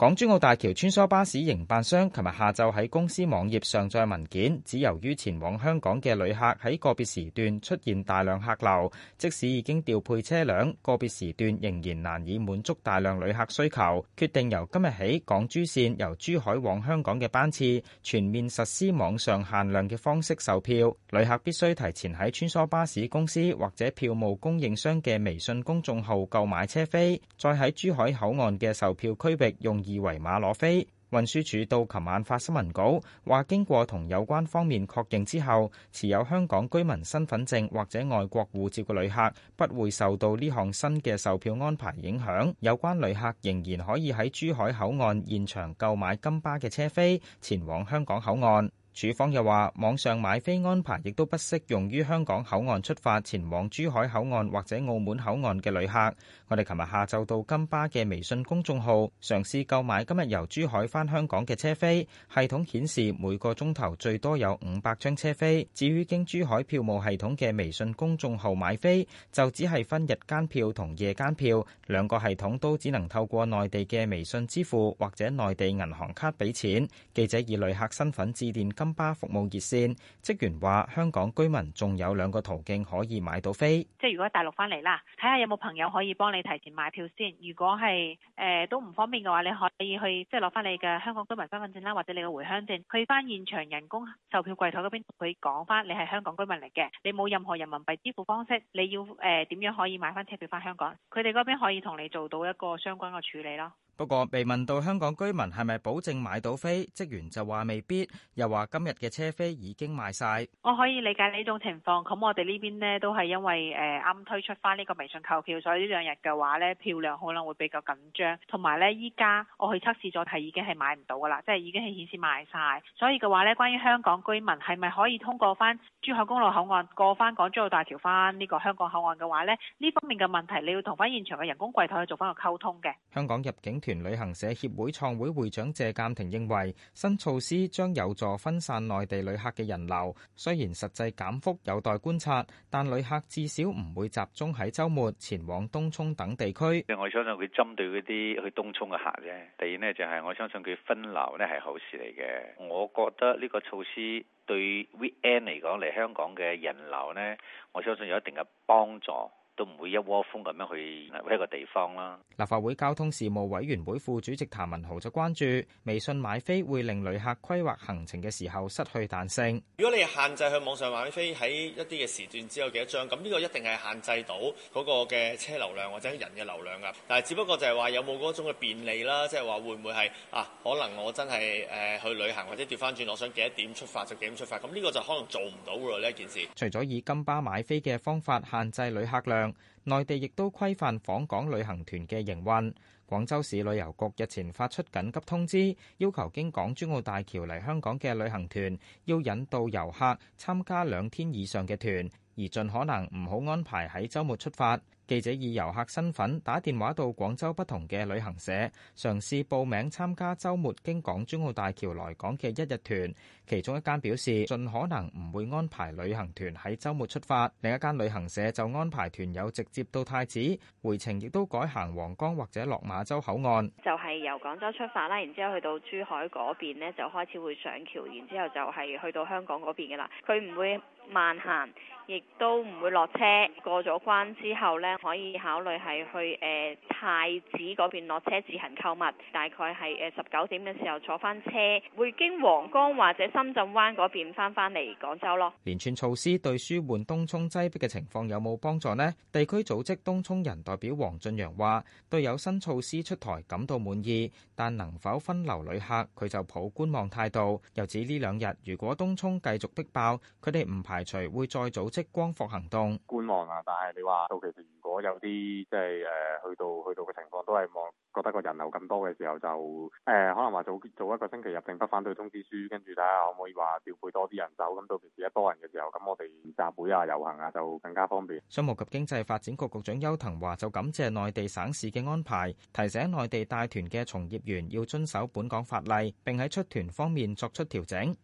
港珠澳大橋穿梭巴士營辦商琴日下晝喺公司網頁上載文件，指由於前往香港嘅旅客喺個別時段出現大量客流，即使已經調配車輛，個別時段仍然難以滿足大量旅客需求，決定由今日起港珠線由珠海往香港嘅班次全面實施網上限量嘅方式售票，旅客必須提前喺穿梭巴士公司或者票務供應商嘅微信公眾號購買車飛，再喺珠海口岸嘅售票區域用。二維碼攞飛，運輸署到琴晚發新聞稿，話經過同有關方面確認之後，持有香港居民身份證或者外國護照嘅旅客不會受到呢項新嘅售票安排影響。有關旅客仍然可以喺珠海口岸現場購買金巴嘅車飛，前往香港口岸。署方又話，網上買飛安排亦都不適用於香港口岸出發前往珠海口岸或者澳門口岸嘅旅客。我哋琴日下晝到金巴嘅微信公眾號嘗試購買今日由珠海返香港嘅車飛，系統顯示每個鐘頭最多有五百張車飛。至於經珠海票務系統嘅微信公眾號買飛，就只係分日間票同夜間票，兩個系統都只能透過內地嘅微信支付或者內地銀行卡俾錢。記者以旅客身份致電金巴服務熱線職員話：香港居民仲有兩個途徑可以買到飛，即係如果大陸翻嚟啦，睇下有冇朋友可以幫你提前買票先。如果係誒、呃、都唔方便嘅話，你可以去即係攞翻你嘅香港居民身份證啦，或者你嘅回鄉證，去翻現場人工售票櫃台嗰邊，同佢講翻你係香港居民嚟嘅，你冇任何人民幣支付方式，你要誒、呃、點樣可以買翻車票翻香港？佢哋嗰邊可以同你做到一個相關嘅處理咯。不過被問到香港居民係咪保證買到飛，職員就話未必，又話今日嘅車飛已經賣晒。我可以理解呢種情況，咁我哋呢邊呢，都係因為誒啱、呃、推出翻呢個微信購票，所以呢兩日嘅話呢，票量可能會比較緊張，同埋呢，依家我去測試咗係已經係買唔到噶啦，即係已經係顯示賣晒。所以嘅話呢，關於香港居民係咪可以通過翻珠海公路口岸過翻港珠澳大橋翻呢個香港口岸嘅話呢，呢方面嘅問題你要同翻現場嘅人工櫃台去做翻個溝通嘅。香港入境。全旅行社協會創會會長謝鑒庭認為，新措施將有助分散內地旅客嘅人流。雖然實際減幅有待觀察，但旅客至少唔會集中喺周末前往東涌等地區。我相信佢針對嗰啲去東涌嘅客啫。第二呢就係我相信佢分流呢係好事嚟嘅。我覺得呢個措施對 V N 嚟講嚟香港嘅人流呢，我相信有一定嘅幫助。都唔會一窩蜂咁樣去一個地方啦。立法會交通事務委員會副主席譚文豪就關注微信買飛會令旅客規劃行程嘅時候失去彈性。如果你係限制去網上買飛喺一啲嘅時段只有幾多張，咁呢個一定係限制到嗰個嘅車流量或者人嘅流量㗎。但係只不過就係話有冇嗰種嘅便利啦，即係話會唔會係啊？可能我真係誒去旅行或者調翻轉我想幾多點出發就幾點出發，咁呢個就可能做唔到㗎啦呢一件事。除咗以金巴買飛嘅方法限制旅客量。內地亦都規範訪港旅行團嘅營運。廣州市旅遊局日前發出緊急通知，要求經港珠澳大橋嚟香港嘅旅行團，要引導遊客參加兩天以上嘅團，而盡可能唔好安排喺周末出發。記者以遊客身份打電話到廣州不同嘅旅行社，嘗試報名參加周末經港珠澳大橋來港嘅一日團，其中一間表示盡可能唔會安排旅行團喺周末出發，另一間旅行社就安排團友直接到太子，回程亦都改行皇崗或者落馬洲口岸。就係由廣州出發啦，然之後去到珠海嗰邊咧，就開始會上橋，然之後就係去到香港嗰邊噶啦。佢唔會慢行，亦都唔會落車，過咗關之後咧。可以考慮係去誒、呃、太子嗰邊落車自行購物，大概係誒十九點嘅時候坐翻車，會經皇崗或者深圳灣嗰邊翻翻嚟廣州咯。連串措施對舒緩東涌擠逼嘅情況有冇幫助呢？地區組織東涌人代表黃俊陽話：對有新措施出台感到滿意，但能否分流旅客佢就抱觀望態度。又指呢兩日如果東涌繼續逼爆，佢哋唔排除會再組織光復行動。觀望啊！但係你話到其實我有啲即係誒，去到去到嘅情況都係望覺得個人流咁多嘅時候就誒，可能話早早一個星期入證不反對通知書，跟住睇下可唔可以話調配多啲人手。咁到時時一多人嘅時候，咁我哋集會啊、遊行啊就更加方便。商務及經濟發展局局長邱騰華就感謝內地省市嘅安排，提醒內地帶團嘅從業員要遵守本港法例，並喺出團方面作出調整。